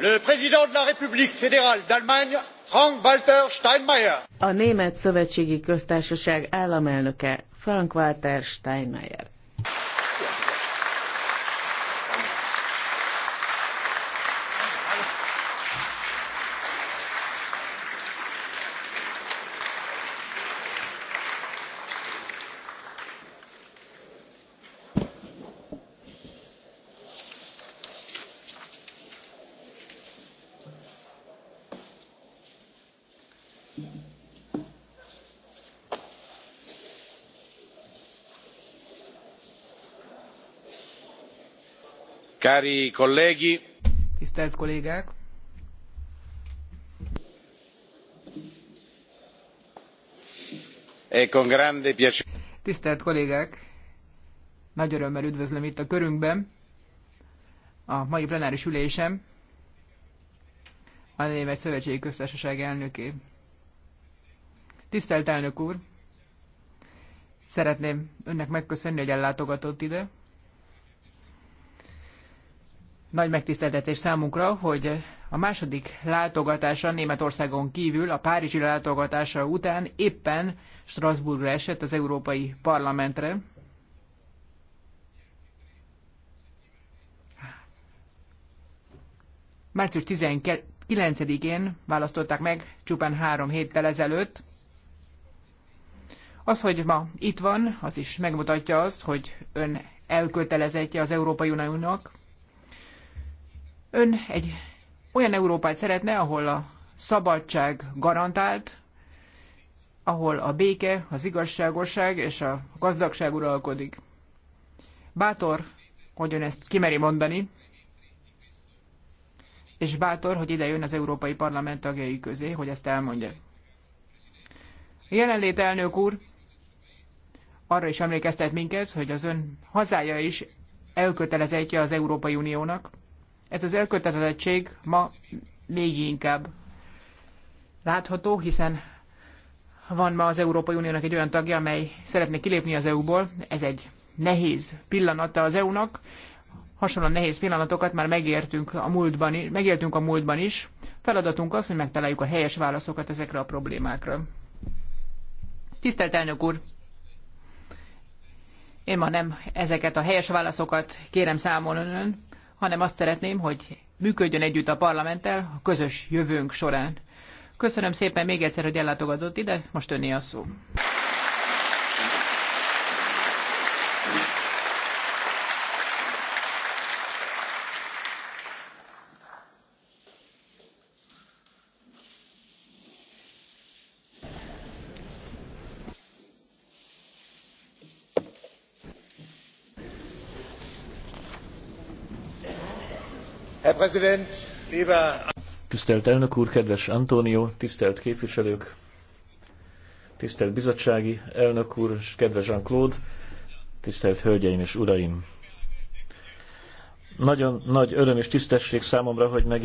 Le président de la République fédérale d'Allemagne, Frank Walter Steinmeier. A Német Szövetségi Köztársaság államelnöke Frank Walter Steinmeier. Cari colleghi! Tisztelt kollégák! E con grande piacere. Tisztelt kollégák! Nagy örömmel üdvözlöm itt a körünkben a mai plenáris ülésem a Német Szövetségi Köztársaság elnökét. Tisztelt elnök úr! Szeretném önnek megköszönni, hogy ellátogatott ide. Nagy megtiszteltetés számunkra, hogy a második látogatása Németországon kívül, a Párizsi látogatása után éppen Strasbourgra esett az Európai Parlamentre. Március 19-én választották meg, csupán három héttel ezelőtt, az, hogy ma itt van, az is megmutatja azt, hogy ön elkötelezettje az Európai Uniónak. Ön egy olyan Európát szeretne, ahol a szabadság garantált, ahol a béke, az igazságosság és a gazdagság uralkodik. Bátor, hogy ön ezt kimeri mondani, és bátor, hogy ide jön az Európai Parlament tagjai közé, hogy ezt elmondja. Jelenlét elnök úr, arra is emlékeztet minket, hogy az ön hazája is elkötelezettje az Európai Uniónak. Ez az elkötelezettség ma még inkább látható, hiszen van ma az Európai Uniónak egy olyan tagja, amely szeretne kilépni az EU-ból. Ez egy nehéz pillanata az EU-nak. Hasonlóan nehéz pillanatokat már megértünk a múltban, is, megértünk a múltban is. Feladatunk az, hogy megtaláljuk a helyes válaszokat ezekre a problémákra. Tisztelt elnök úr! Én ma nem ezeket a helyes válaszokat kérem számon önön, hanem azt szeretném, hogy működjön együtt a parlamenttel a közös jövőnk során. Köszönöm szépen még egyszer, hogy ellátogatott ide, most önné a szó. Tisztelt elnök úr, kedves Antonio, tisztelt képviselők, tisztelt bizottsági elnök úr, és kedves Jean-Claude, tisztelt hölgyeim és uraim! Nagyon nagy öröm és tisztesség számomra, hogy megjelentem.